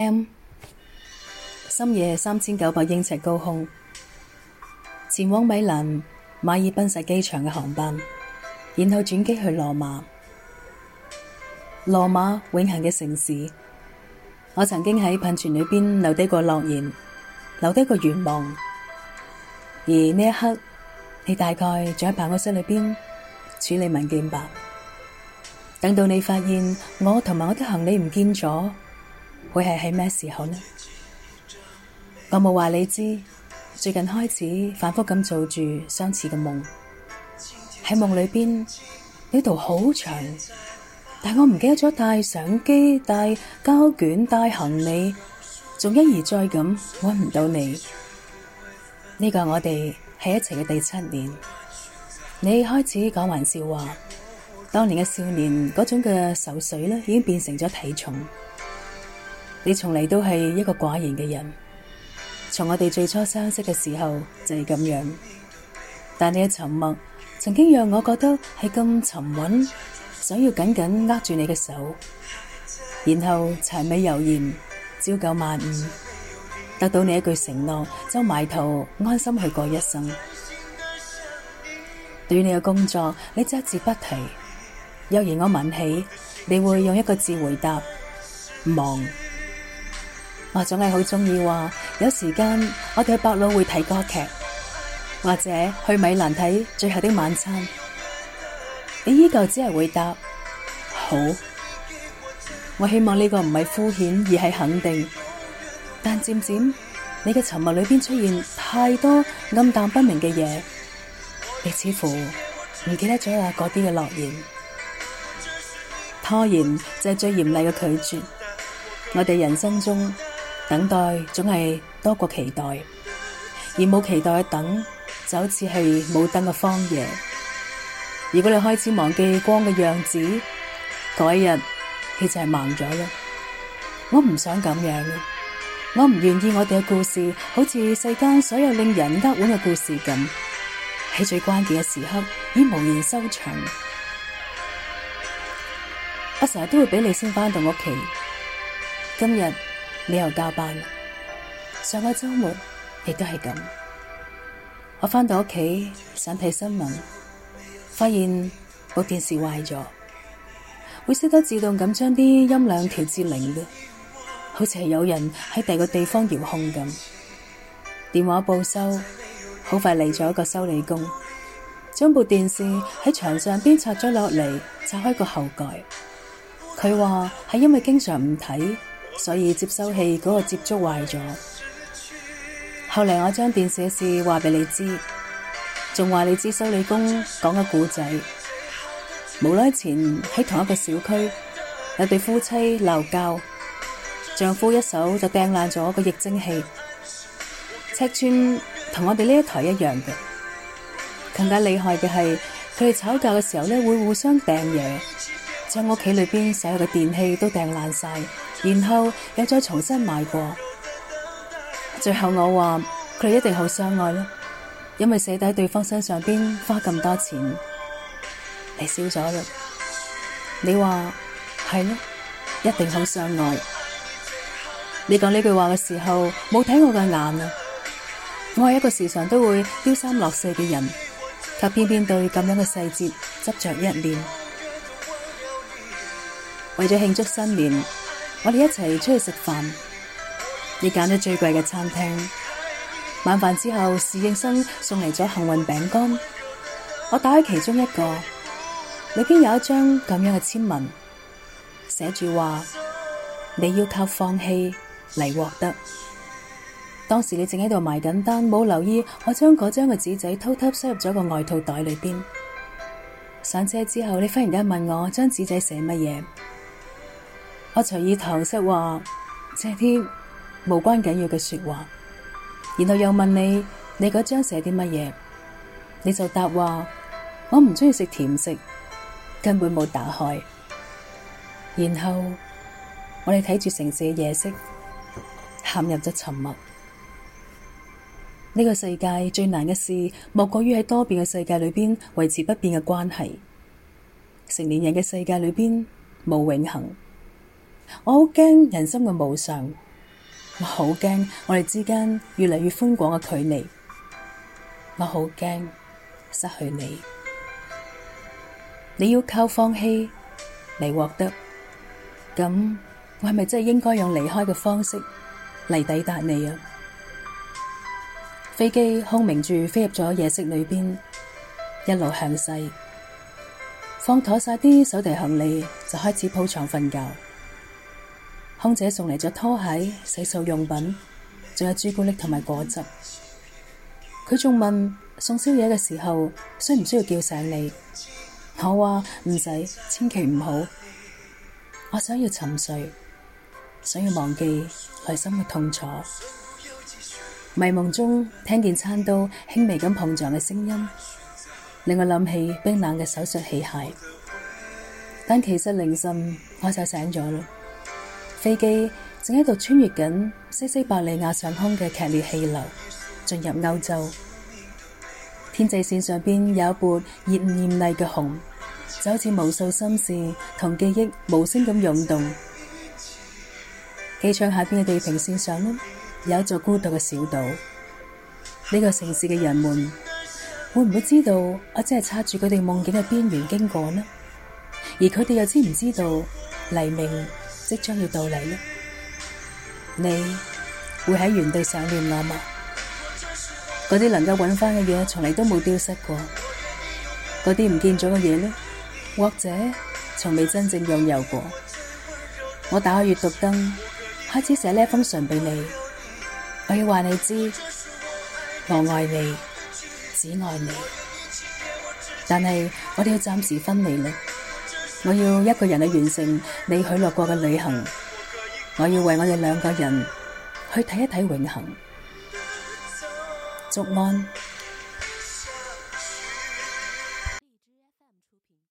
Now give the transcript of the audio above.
M，深夜三千九百英尺高空，前往米蘭馬爾賓薩機場嘅航班，然後轉機去羅馬。羅馬，永恒嘅城市。我曾經喺噴泉裏邊留低個諾言，留低個願望。而呢一刻，你大概仲喺辦公室裏邊處理文件吧。等到你發現我同埋我啲行李唔見咗。會係喺咩時候呢？我冇話你知。最近開始反復咁做住相似嘅夢，喺夢裏邊呢度好長，但我唔記得咗帶相機、帶膠卷、帶行李，仲一而再咁搵唔到你。呢個係我哋喺一齊嘅第七年，你開始講玩笑話，當年嘅少年嗰種嘅愁緒咧，已經變成咗體重。你從來都係一個寡言嘅人，從我哋最初相識嘅時候就係咁樣。但你嘅沉默，曾經讓我覺得係咁沉穩，想要緊緊握住你嘅手，然後柴米油鹽朝九晚五，得到你一句承諾就埋頭安心去過一生。對於你嘅工作，你隻字不提，若然我問起，你會用一個字回答：忙。我總係好鍾意話，有時間我哋去百老匯睇歌劇，或者去米蘭睇《最後的晚餐》。你依舊只係回答好。我希望呢個唔係敷衍，而係肯定。但漸漸，你嘅沉默裏邊出現太多暗淡不明嘅嘢，你似乎唔記得咗啊，嗰啲嘅諾言，拖延就係最嚴厲嘅拒絕。我哋人生中。等待總係多過期待，而冇期待嘅等就好似係冇燈嘅荒野。如果你開始忘記光嘅樣子，嗰一日你就係盲咗啦。我唔想咁樣，我唔願意我哋嘅故事好似世間所有令人扼腕嘅故事咁，喺最關鍵嘅時刻已無言收場。我成日都會俾你先翻到屋企，今日，你又加班，上個周末亦都係咁。我返到屋企，想睇新聞，發現部電視壞咗，會識得自動咁將啲音量調至零嘅，好似係有人喺第二個地方遙控咁。電話報修，好快嚟咗一個修理工，將部電視喺牆上邊拆咗落嚟，拆開個後蓋。佢話係因為經常唔睇。所以接收器嗰個接觸壞咗。後嚟我將電視嘅事話畀你知，仲話你知修理工講嘅故仔。無耐前喺同一個小區有對夫妻鬧交，丈夫一手就掟爛咗個液晶器，尺寸同我哋呢一台一樣嘅。更加厲害嘅係，佢哋吵架嘅時候咧，會互相掟嘢，將屋企裏邊所有嘅電器都掟爛晒。然後又再重新買過，最後我話佢一定好相愛啦，因為捨得喺對方身上邊花咁多錢，你少咗啦。你話係咯，一定好相愛。你講呢句話嘅時候，冇睇我嘅眼啊！我係一個時常都會丟三落四嘅人，卻偏偏對咁樣嘅細節執着一念，為咗慶祝新年，我哋一齊出去食飯，你揀咗最貴嘅餐廳。晚飯之後，侍應生送嚟咗幸運餅乾。我打開其中一個，裏邊有一張咁樣嘅籤文，寫住話：你要靠放棄嚟獲得。當時你正喺度埋緊單，冇留意我將嗰張嘅紙仔偷偷收入咗個外套袋裏邊。上車之後，你忽然間問我：張紙仔寫乜嘢？我隨意搪塞話這些啲無關緊要嘅說話，然後又問你你嗰張寫啲乜嘢？你就答話我唔中意食甜食，根本冇打開。然後我哋睇住城市嘅夜色，陷入咗沉默。呢、這個世界最難嘅事，莫過於喺多變嘅世界裏邊維持不變嘅關係。成年人嘅世界裏邊冇永恒。我好驚人心嘅無常，我好驚我哋之間越嚟越寬廣嘅距離，我好驚失去你。你要靠放棄嚟獲得，咁我係咪真係應該用離開嘅方式嚟抵達你啊？飛機轟鳴住飛入咗夜色裏邊，一路向西，放妥晒啲手提行李，就開始鋪床瞓覺。空姐送嚟咗拖鞋、洗漱用品，仲有朱古力同埋果汁。佢仲問送宵夜嘅時候需唔需要叫醒你？我話唔使，千祈唔好。我想要沉睡，想要忘記內心嘅痛楚。迷濛中聽見餐刀輕微咁碰撞嘅聲音，令我諗起冰冷嘅手術器械。但其實凌晨我就醒咗。飛機正喺度穿越緊西西伯利亞上空嘅劇烈氣流，進入歐洲。天際線上邊有一撥艷艷麗嘅紅，就好似無數心事同記憶無聲咁湧動。機場下邊嘅地平線上咧，有一座孤獨嘅小島。呢、這個城市嘅人們，會唔會知道我只係擦住佢哋夢境嘅邊緣經過呢？而佢哋又知唔知道黎明？即將要到嚟咧，你會喺原地上戀想念我嗎？嗰啲能夠揾翻嘅嘢，從來都冇丟失過。嗰啲唔見咗嘅嘢呢，或者從未真正擁有過。我打開閱讀燈，開始寫呢封信俾你。我要話你知，我愛你，只愛你。但係我哋要暫時分離咧。我要一個人去完成你許諾過嘅旅行，我要為我哋兩個人去睇一睇永恆。祝安。